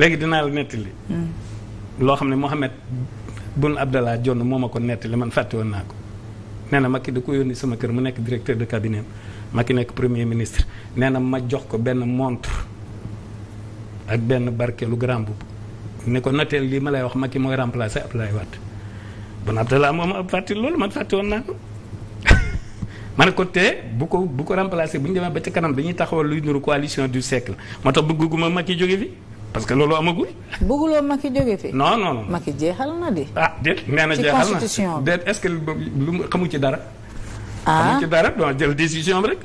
léegi dinaa la nettali. Mm. loo xam ne Mohamed Bun Abdallah Jonn moom ma ko nettali man fàtte woon naa ko nee na Macky da ko yónni sama kër mu nekk directeur de cabinet ki nekk premier ministre nee na ma jox ko benn montre ak benn barkeelu grand boubou ne ko noteel lii ma lay wax ma Macky mooy remplacer Abdoulaye Wade Bun Abdallah moom ab fàtte loolu man fàtte woon naa ko ma ne ko te bu ko bu ko remplacer bu ñu demee ba ca kanam dañuy taxawal luy nuru coalition du parce que loolu amagul. bëgguloo Macky jóge fi. non non non Macky jeexal na de. ah déet nee na jeexal na ci constitution bi déet est-ce que lu xamu ci dara. Ah. xamu ci dara doon jël décision rek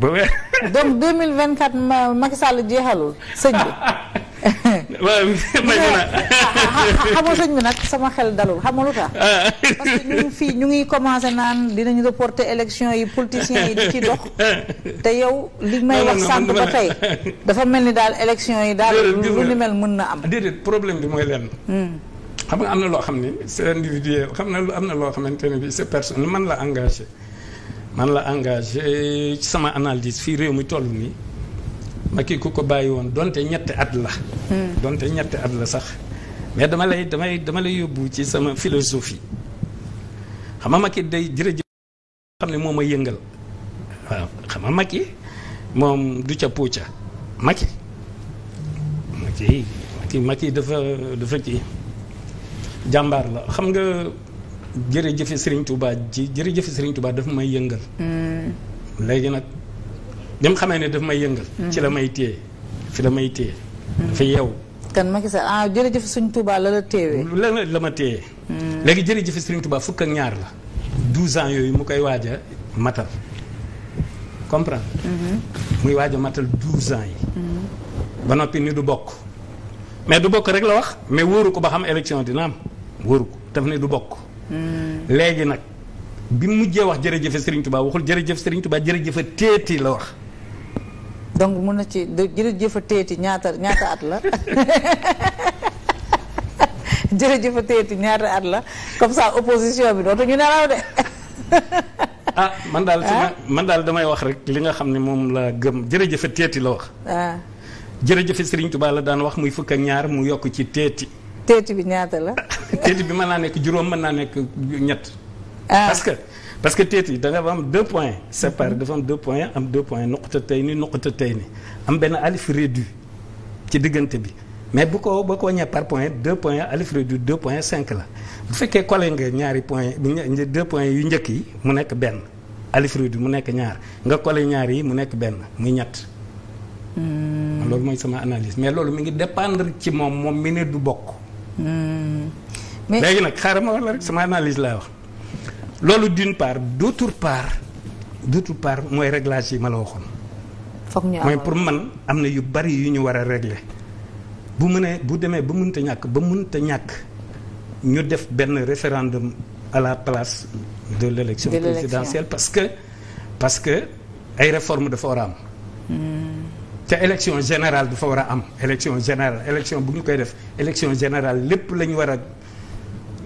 ba weer. donc 2024 Macky Sall jeexalul sëñ bi. waaw may mun a. xamoo sëñ bi nag sama xel dalul xamoo lu tax. Ah. parce ñu ngi fii ñu ngi commencé naan dinañ reporter élection yi politiciens yi di ci dox. te yow li may wax sant ba tey dafa mel ni daal élection yi daal lu ni mel mën na am. déedéet problème bi mooy leen hmm. xam nga am na loo xam ni c'est individuel xam na am na loo xamante ne bi c'est personne man la engagé man la engagé sama analyse fii réew mi toll nii. Macky ku ko bàyyi woon donte ñetti at la. Hmm. donte ñetti at la sax mais dama lay damay dama lay yóbbu ci sama philosophie xam nga Macky day jërëjëf xam ne moom a yëngal waaw xam nga Macky moom du ca puuca Macky Macky Macky Macky dafa dafa kii jàmbaar la xam nga jërëjëf Serigne Touba ji jërëjëf Serigne Touba dafa may yëngal. Hmm. léegi nag. ni mu xamee ne daf may yëngal. ci la may téye fi la may téye. fi yeew. kan ma gis ah jërëjëf Sëriñ Tuubaa la la téewee. la ma téye. Hmm. léegi jërëjëf Sëriñ Tuubaa fukk ak ñaar la. 12 ans yooyu mu koy waaj a matal. comprendre. Hmm. muy waaj a matal 12 ans yi. Hmm. ba noppi ni du bokk. mais du bokk rek la wax mais wóoru ko ba xam élection dina am wóoru ko daf ne du bokk. léegi nag bi mu mujjee wax jërëjëf Sëriñ Tuubaa waxul jërëjëf Sëriñ Tuubaa jërëjëf téeti la wax. donc mun na ci jërëjëf a teeti ñaata ñaata at la jërëjëf a teeti ñaata at la comme saa opposition bi dootu ñu nelaw de. ah man daal ci man daal damay wax rek li nga xam ne moom la gëm jërëjëf a teeti la wax. waaw ah. jërëjëf Serigne Touba la daan wax muy fukk ak ñaar mu yokk ci teeti. téeti bi ñaata la. teeti bi mën naa nekk juróom mën naa nekk ñett. Ah. parce que parce que teet yi da nga am deux points séparé dafa am deux points am deux points nuqta tey ni nuqta tey ni am benn alif réduit ci diggante bi mais bu ko ba ko ñëw par point deux points alif réduit deux points cinq la bu fekkee collé nga ñaari points deux points yu njëkk yi mu nekk benn alif réduit mu nekk ñaar nga collé ñaar yi mu nekk benn muy ñett hmm. loolu mooy sama analyse mais loolu mi ngi dépendre ci moom moom mi ne du bokk hmm. léegi nag xaaral sama analyse laa wax loolu d'une part d'autre part d'autre part mooy réglage yi ma la waxoon. foog ñu mooy pour man am na yu bari yu ñu war a régler bu mënee bu demee ba mënta ñàkk ba mun te ñàkk ñu def benn référendum à la place de l'élection de l'élection présidentielle parce que parce que ay réforme dafa war a am. Hmm. te élection général dafa war a am élection général élection bu ñu koy def élection général lépp la ñu war a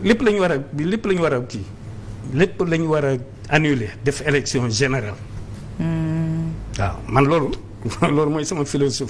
lépp la ñu war a lépp la ñu war a kii. lépp la ñu war a annuler def élection générale hmm. waaw man loolu loolu mooy sama philosophie